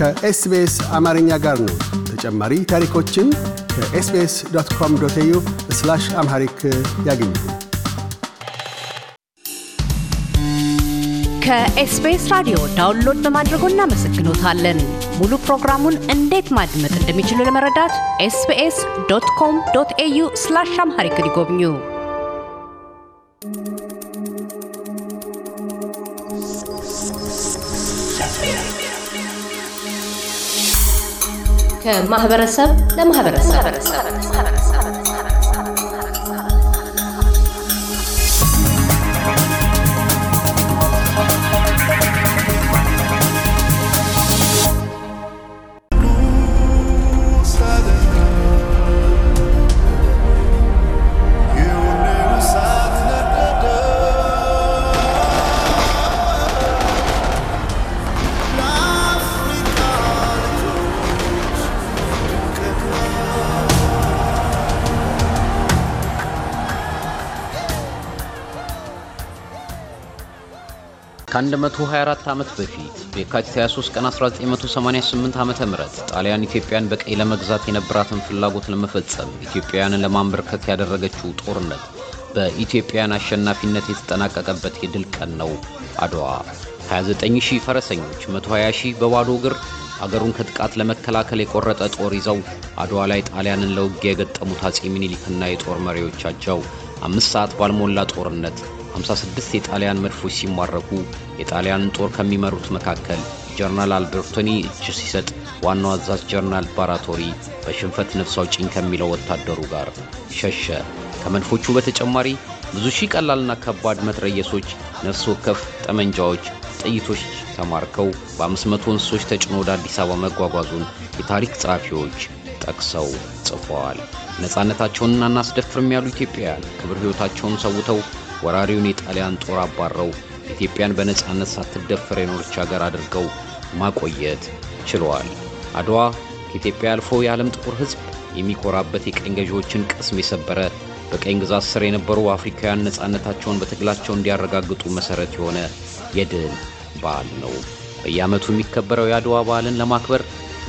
ከኤስቤስ አማርኛ ጋር ነው። ተጨማሪ ታሪኮችን ከኤስቤስ ዶት ኮም ዶት ኤዩ አምሃሪክ ያገኙ። ከኤስቤስ ራዲዮ ዳውንሎድ በማድረጎ እናመሰግኖታለን። ሙሉ ፕሮግራሙን እንዴት ማድመጥ እንደሚችሉ ለመረዳት ኤስቤስ ዶት ኮም ዶት ኤዩ አምሃሪክ ይጎብኙ። ከማህበረሰብ ለማህበረሰብ መቶ 124 ዓመት በፊት በየካቲት 23 ቀን 1988 ዓመተ ም ጣሊያን ኢትዮጵያን በቀይ ለመግዛት የነበራትን ፍላጎት ለመፈጸም ኢትዮጵያውያንን ለማንበርከክ ያደረገችው ጦርነት በኢትዮጵያውያን አሸናፊነት የተጠናቀቀበት የድል ቀን ነው። አድዋ 29000 ፈረሰኞች፣ 120000 በባዶ እግር አገሩን ከጥቃት ለመከላከል የቆረጠ ጦር ይዘው አድዋ ላይ ጣሊያንን ለውጊያ የገጠሙት አጼ ሚኒሊክና የጦር መሪዎቻቸው አምስት ሰዓት ባልሞላ ጦርነት 56 የጣሊያን መድፎች ሲማረኩ የጣሊያንን ጦር ከሚመሩት መካከል ጀርናል አልበርቶኒ እጅ ሲሰጥ ዋናው አዛዥ ጀርናል ባራቶሪ በሽንፈት ነፍስ አውጪኝ ከሚለው ወታደሩ ጋር ሸሸ። ከመድፎቹ በተጨማሪ ብዙ ሺህ ቀላልና ከባድ መትረየሶች፣ ነፍስ ወከፍ ጠመንጃዎች፣ ጥይቶች ተማርከው በ500 እንስሶች ተጭኖ ወደ አዲስ አበባ መጓጓዙን የታሪክ ጸሐፊዎች ጠቅሰው ጽፈዋል። ነፃነታቸውን አናስደፍርም ያሉ ኢትዮጵያውያን ክብር ሕይወታቸውን ሰውተው ወራሪውን የጣሊያን ጦር አባረው ኢትዮጵያን በነጻነት ሳትደፈር የኖረች ሀገር አድርገው ማቆየት ችለዋል። አድዋ ከኢትዮጵያ አልፎ የዓለም ጥቁር ሕዝብ የሚኮራበት የቀኝ ገዢዎችን ቅስም የሰበረ በቀኝ ግዛት ስር የነበሩ አፍሪካውያን ነጻነታቸውን በትግላቸው እንዲያረጋግጡ መሠረት የሆነ የድል በዓል ነው። በየዓመቱ የሚከበረው የአድዋ በዓልን ለማክበር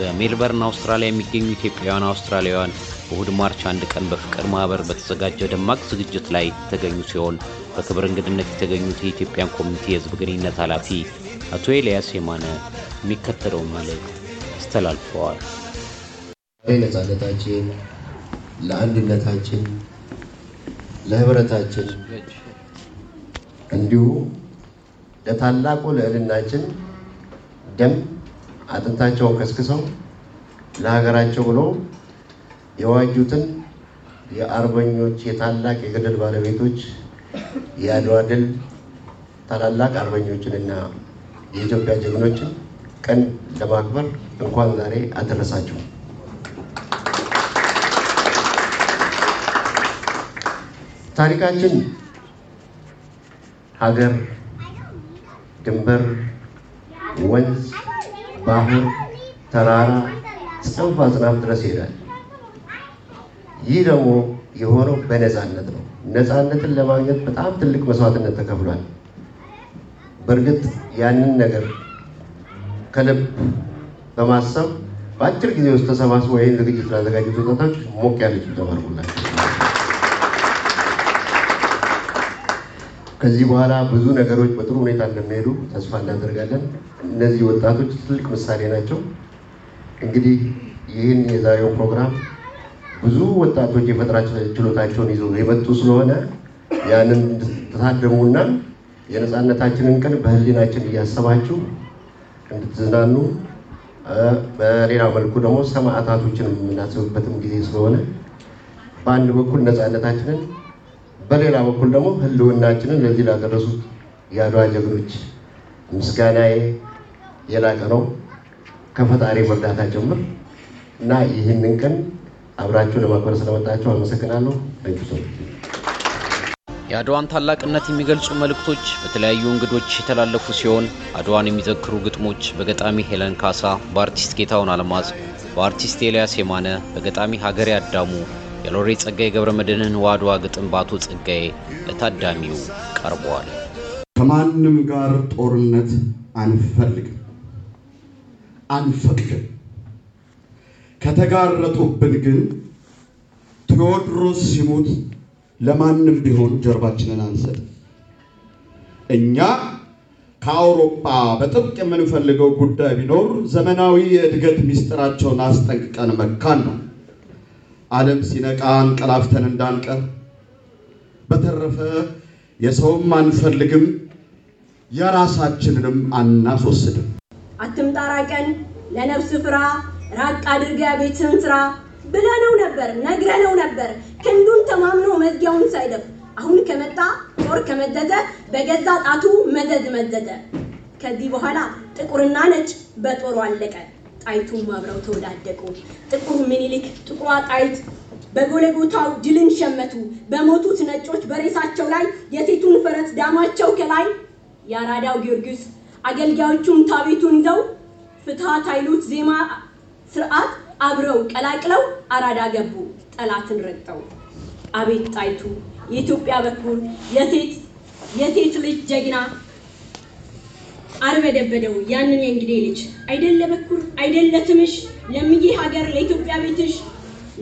በሜልበርን አውስትራሊያ የሚገኙ ኢትዮጵያውያን አውስትራሊያውያን እሁድ ማርች አንድ ቀን በፍቅር ማህበር በተዘጋጀው ደማቅ ዝግጅት ላይ የተገኙ ሲሆን በክብር እንግድነት የተገኙት የኢትዮጵያን ኮሚኒቲ የህዝብ ግንኙነት ኃላፊ አቶ ኤልያስ የማነ የሚከተለውን መልእክት አስተላልፈዋል። ነጻነታችን፣ ለአንድነታችን፣ ለህብረታችን እንዲሁም ለታላቁ ልዕልናችን ደም አጥንታቸውን ከስክሰው ለሀገራቸው ብሎ የዋጁትን የአርበኞች የታላቅ የገደል ባለቤቶች የአድዋ ድል ታላላቅ አርበኞችንና የኢትዮጵያ ጀግኖችን ቀን ለማክበር እንኳን ዛሬ አደረሳችሁ። ታሪካችን ሀገር፣ ድንበር፣ ወንዝ፣ ባህር፣ ተራራ ጽንፍ አጽናፍ ድረስ ይሄዳል። ይህ ደግሞ የሆነው በነፃነት ነው። ነፃነትን ለማግኘት በጣም ትልቅ መስዋዕትነት ተከፍሏል። በእርግጥ ያንን ነገር ከልብ በማሰብ በአጭር ጊዜ ውስጥ ተሰባስበው ይህን ዝግጅት ላዘጋጁት ወጣቶች ሞቅ ያለ ጭብጨባ ከዚህ በኋላ ብዙ ነገሮች በጥሩ ሁኔታ እንደሚሄዱ ተስፋ እናደርጋለን። እነዚህ ወጣቶች ትልቅ ምሳሌ ናቸው። እንግዲህ ይህን የዛሬውን ፕሮግራም ብዙ ወጣቶች የፈጠራ ችሎታቸውን ይዘው የመጡ ስለሆነ ያንን እንድትታደሙና የነፃነታችንን ቀን በህሊናችን እያሰባችሁ እንድትዝናኑ፣ በሌላ መልኩ ደግሞ ሰማዕታቶችን የምናስብበትም ጊዜ ስለሆነ በአንድ በኩል ነፃነታችንን፣ በሌላ በኩል ደግሞ ህልውናችንን ለዚህ ላደረሱት የአድዋ ጀግኖች ምስጋናዬ የላቀ ነው ከፈጣሪ መርዳታ ጀምር እና ይህንን ቀን አብራችሁ ለማክበር ስለመጣችሁ አመሰግናለሁ። ታንኪ ሶ የአድዋን ታላቅነት የሚገልጹ መልእክቶች በተለያዩ እንግዶች የተላለፉ ሲሆን አድዋን የሚዘክሩ ግጥሞች በገጣሚ ሄለን ካሳ፣ በአርቲስት ጌታውን አልማዝ፣ በአርቲስት ኤልያስ የማነ፣ በገጣሚ ሀገሬ አዳሙ የሎሬ ጸጋዬ ገብረ መድኅንን ዋድዋ ግጥም በአቶ ጸጋዬ ለታዳሚው ቀርበዋል። ከማንም ጋር ጦርነት አንፈልግም አንፈቅድም። ከተጋረጡብን ግን ቴዎድሮስ ሲሞት ለማንም ቢሆን ጀርባችንን አንሰጥ። እኛ ከአውሮፓ በጥብቅ የምንፈልገው ጉዳይ ቢኖር ዘመናዊ የእድገት ምስጢራቸውን አስጠንቅቀን መካን ነው። ዓለም ሲነቃ አንቀላፍተን እንዳንቀር። በተረፈ የሰውም አንፈልግም፣ የራሳችንንም አናስወስድም። አትምጣራ ቀን ለነፍስ ፍራ ራቅ አድርጋ ቤትህን ስራ ብለነው ነበር፣ ነግረነው ነበር። ክንዱን ተማምኖ መዝጊያውን ሳይደፍ አሁን ከመጣ ጦር ከመዘዘ በገዛ ጣቱ መደድ መደደ። ከዚህ በኋላ ጥቁርና ነጭ በጦሩ አለቀ። ጣይቱም አብረው ተወዳደቁ። ጥቁሩ ምኒልክ፣ ጥቁሯ ጣይት በጎለጎታው ድልን ሸመቱ። በሞቱት ነጮች በሬሳቸው ላይ የሴቱን ፈረስ ዳማቸው ከላይ የአራዳው ጊዮርጊስ አገልጋዮቹም ታቤቱን ይዘው ፍትሃት አይሉት ዜማ ስርዓት አብረው ቀላቅለው አራዳ ገቡ፣ ጠላትን ረግጠው። አቤት ጣይቱ የኢትዮጵያ በኩል የሴት ልጅ ጀግና አርበደበደው ያንን የእንግዴ ልጅ አይደለ በኩል አይደለ ትምሽ ለምዬ ሀገር ለኢትዮጵያ ቤትሽ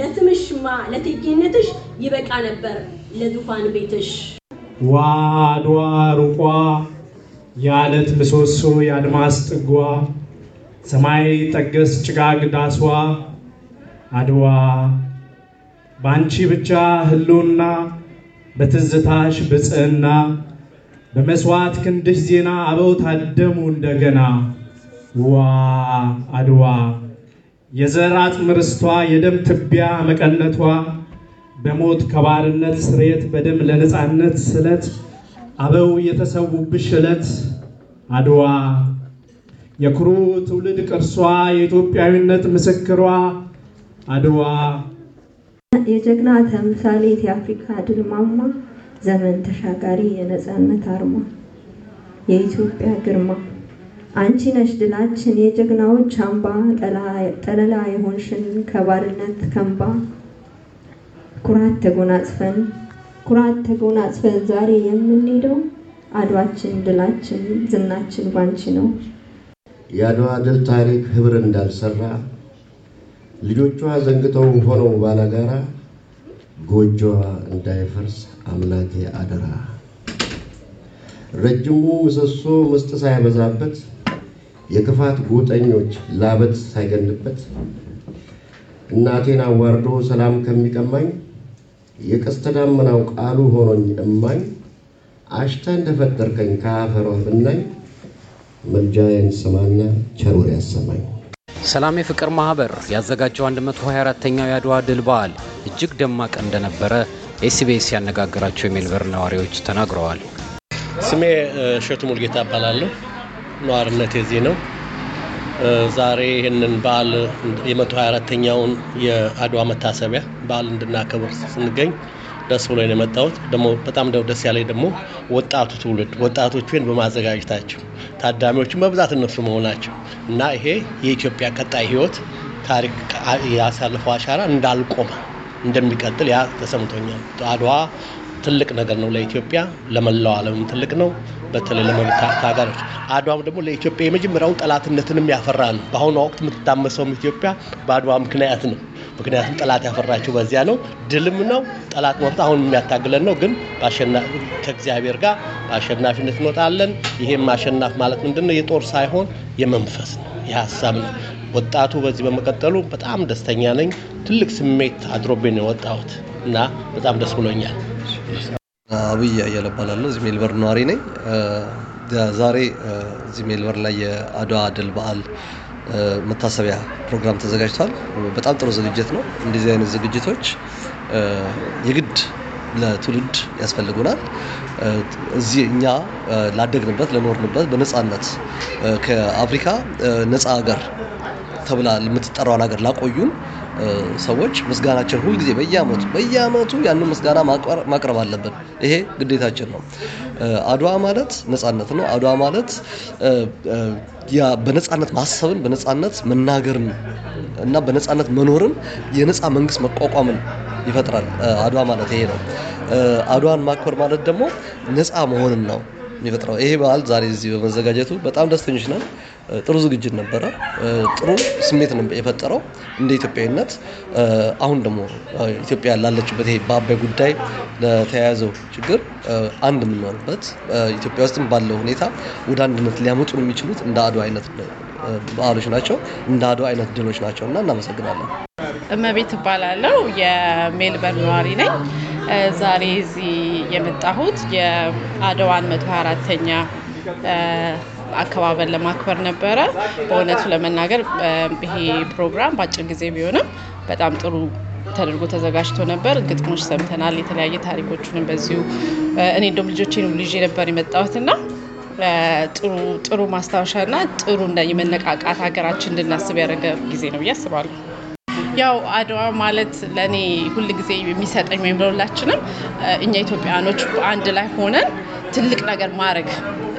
ለትምሽማ ለቴጌነትሽ ይበቃ ነበር ለዙፋን ቤትሽ። ዋ ሩቋ የአለት ምሰሶ የአድማስ ጥጓ ሰማይ ጠገስ ጭጋግ ዳስዋ አድዋ ባንቺ ብቻ ህልውና በትዝታሽ ብፅዕና በመስዋዕት ክንድሽ ዜና አበው ታደሙ እንደገና ዋ አድዋ የዘር አጥምርስቷ የደም ትቢያ መቀነቷ በሞት ከባርነት ስሬት በደም ለነፃነት ስለት አበው የተሰዉብሽ ዕለት አድዋ የኩሩ ትውልድ ቅርሷ የኢትዮጵያዊነት ምስክሯ አድዋ የጀግና ተምሳሌት የአፍሪካ ድል ማማ ዘመን ተሻጋሪ የነጻነት አርማ የኢትዮጵያ ግርማ አንቺ ነሽ ድላችን የጀግናዎች አምባ ጠለላ የሆንሽን ከባርነት ከምባ፣ ኩራት ተጎናጽፈን ኩራት ተጎናጽፈን ዛሬ የምንሄደው አድዋችን ድላችን ዝናችን ባንቺ ነው። የአድዋ ድል ታሪክ ህብር እንዳልሰራ ልጆቿ ዘንግተው ሆነው ባለጋራ ጎጆዋ እንዳይፈርስ አምላኬ አደራ። ረጅሙ ምሰሶ ምስጥ ሳይበዛበት የክፋት ጎጠኞች ላበት ሳይገንበት እናቴን አዋርዶ ሰላም ከሚቀማኝ የቀስተ ደመናው ቃሉ ሆኖኝ እማኝ አሽታ እንደፈጠርከኝ ከአፈሯ ብናኝ ምልጃዬን ስማና ቸሩር ያሰማኝ። ሰላም የፍቅር ማህበር ያዘጋጀው 124ኛው የአድዋ ድል በዓል እጅግ ደማቅ እንደነበረ ኤስቢኤስ ያነጋገራቸው የሜልበር ነዋሪዎች ተናግረዋል። ስሜ እሸቱ ሙልጌታ እባላለሁ። ነዋሪነት የዚህ ነው። ዛሬ ይህንን በዓል የ124ኛውን የአድዋ መታሰቢያ በዓል እንድናከብር ስንገኝ ደስ ብሎ ነው የመጣሁት። ደግሞ በጣም ደስ ያለኝ ደግሞ ወጣቱ ትውልድ ወጣቶችን በማዘጋጀታቸው ታዳሚዎችን በብዛት እነሱ መሆናቸው እና ይሄ የኢትዮጵያ ቀጣይ ህይወት ታሪክ ያሳልፈው አሻራ እንዳልቆመ እንደሚቀጥል ያ ተሰምቶኛል። አድዋ ትልቅ ነገር ነው ለኢትዮጵያ፣ ለመላው ዓለምም ትልቅ ነው። በተለይ ለመምታት ሀገሮች አድዋም ደግሞ ለኢትዮጵያ የመጀመሪያውን ጠላትነትንም ያፈራ ነው። በአሁኑ ወቅት የምትታመሰውም ኢትዮጵያ በአድዋ ምክንያት ነው። ምክንያቱም ጠላት ያፈራችው በዚያ ነው። ድልም ነው ጠላት መፍታ አሁን የሚያታግለን ነው። ግን ከእግዚአብሔር ጋር በአሸናፊነት እንወጣለን። ይሄም ማሸናፍ ማለት ምንድን ነው? የጦር ሳይሆን የመንፈስ ነው፣ የሀሳብ ነው። ወጣቱ በዚህ በመቀጠሉ በጣም ደስተኛ ነኝ። ትልቅ ስሜት አድሮቤን የወጣሁት እና በጣም ደስ ብሎኛል። አብይ አየለ እባላለሁ። እዚህ ሜልበርን ነዋሪ ነኝ። ዛሬ እዚህ ሜልበርን ላይ የአድዋ ድል በዓል መታሰቢያ ፕሮግራም ተዘጋጅቷል። በጣም ጥሩ ዝግጅት ነው። እንደዚህ አይነት ዝግጅቶች የግድ ለትውልድ ያስፈልጉናል። እዚህ እኛ ላደግንበት ለኖርንበት በነፃነት ከአፍሪካ ነፃ ሀገር ተብላ የምትጠራውን ሀገር ላቆዩን ሰዎች ምስጋናችን ሁልጊዜ በየአመቱ በየአመቱ ያንን ምስጋና ማቅረብ አለብን። ይሄ ግዴታችን ነው። አድዋ ማለት ነጻነት ነው። አድዋ ማለት በነጻነት ማሰብን በነጻነት መናገርን እና በነጻነት መኖርን የነጻ መንግስት መቋቋምን ይፈጥራል። አድዋ ማለት ይሄ ነው። አድዋን ማክበር ማለት ደግሞ ነጻ መሆንን ነው። የሚፈጥረው ይሄ በዓል ዛሬ እዚህ በመዘጋጀቱ በጣም ደስተኞች ነን። ጥሩ ዝግጅት ነበረ። ጥሩ ስሜት ነው የፈጠረው እንደ ኢትዮጵያዊነት። አሁን ደግሞ ኢትዮጵያ ላለችበት ይሄ በአባይ ጉዳይ ለተያያዘው ችግር አንድ የምንሆንበት ኢትዮጵያ ውስጥም ባለው ሁኔታ ወደ አንድነት ነው የሚችሉት እንደ አድዋ አይነት በዓሎች ናቸው፣ እንደ አድዋ አይነት ድሎች ናቸው እና እናመሰግናለን። እመቤት እባላለሁ። የሜልበርን ነዋሪ ነኝ። ዛሬ እዚህ የመጣሁት የአድዋን 124ኛ አከባበር ለማክበር ነበረ። በእውነቱ ለመናገር ይሄ ፕሮግራም በአጭር ጊዜ ቢሆንም በጣም ጥሩ ተደርጎ ተዘጋጅቶ ነበር። ግጥሞች ሰምተናል፣ የተለያየ ታሪኮችንም በዚሁ እኔ እንደም ልጆቼን ልጄ ነበር የመጣሁት እና ጥሩ ጥሩ ማስታወሻና ጥሩ የመነቃቃት ሀገራችን እንድናስብ ያደረገ ጊዜ ነው ብዬ አስባለሁ። ያው አድዋ ማለት ለእኔ ሁል ጊዜ የሚሰጠኝ ወይም ለሁላችንም እኛ ኢትዮጵያኖች በአንድ ላይ ሆነን ትልቅ ነገር ማድረግ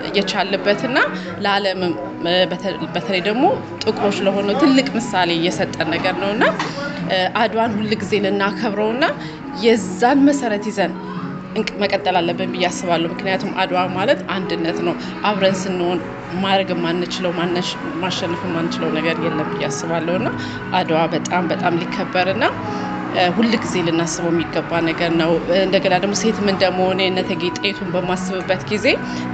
እየቻለበትና ለዓለምም በተለይ ደግሞ ጥቁሮች ለሆነ ትልቅ ምሳሌ እየሰጠን ነገር ነውና አድዋን ሁል ጊዜ ልናከብረውና የዛን መሰረት ይዘን መቀጠል አለብን ብዬ አስባለሁ። ምክንያቱም አድዋ ማለት አንድነት ነው። አብረን ስንሆን ማድረግ የማንችለው ማሸነፍ የማንችለው ነገር የለም ብዬ አስባለሁ እና አድዋ በጣም በጣም ሊከበርና ሁል ጊዜ ልናስበው የሚገባ ነገር ነው። እንደገና ደግሞ ሴትም እንደመሆኔ እቴጌ ጣይቱን በማስብበት ጊዜ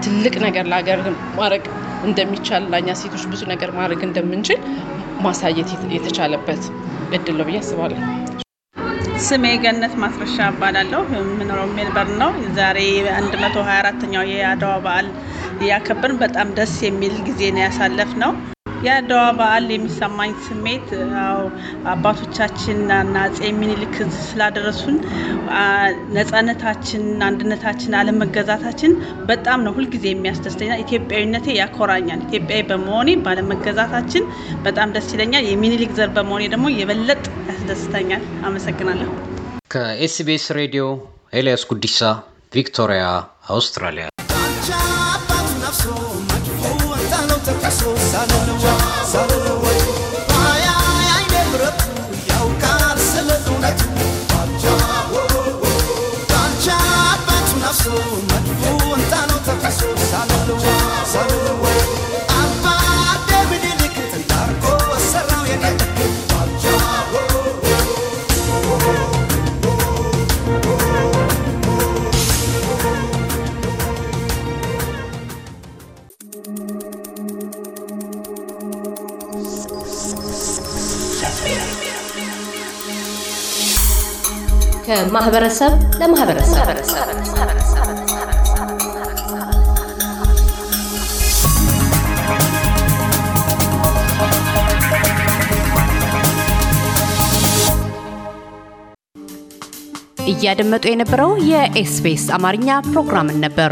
ትልቅ ነገር ለሀገር ማድረግ እንደሚቻል ላኛ ሴቶች ብዙ ነገር ማድረግ እንደምንችል ማሳየት የተቻለበት እድል ነው ብዬ አስባለሁ። ስሜ ገነት ማስረሻ እባላለሁ። የምኖረው ሜልበርን ነው። ዛሬ 124ኛው የአድዋ በዓል እያከበርን በጣም ደስ የሚል ጊዜ ነው ያሳለፍ ነው። የአድዋ በዓል የሚሰማኝ ስሜት አባቶቻችንና አፄ ምኒልክ ስላደረሱን ነፃነታችን፣ አንድነታችን፣ አለመገዛታችን በጣም ነው ሁልጊዜ የሚያስደስተኛል። ኢትዮጵያዊነቴ ያኮራኛል። ኢትዮጵያዊ በመሆኔ ባለመገዛታችን በጣም ደስ ይለኛል። የሚኒሊክ ዘር በመሆኔ ደግሞ የበለጥ ያስደስተኛል። አመሰግናለሁ። ከኤስቢኤስ ሬዲዮ ኤልያስ ጉዲሳ፣ ቪክቶሪያ፣ አውስትራሊያ። ከማህበረሰብ ለማህበረሰብ እያደመጡ የነበረው የኤስፔስ አማርኛ ፕሮግራምን ነበር።